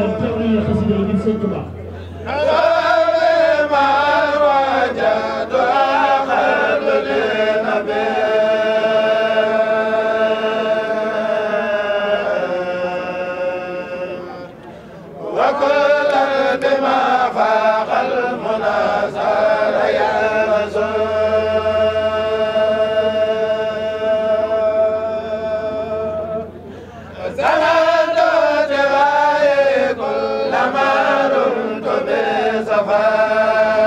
yoon teewlu leen xasida yi ngir sëñ Tuubaa وكل بما فاق المنازل يا Màkka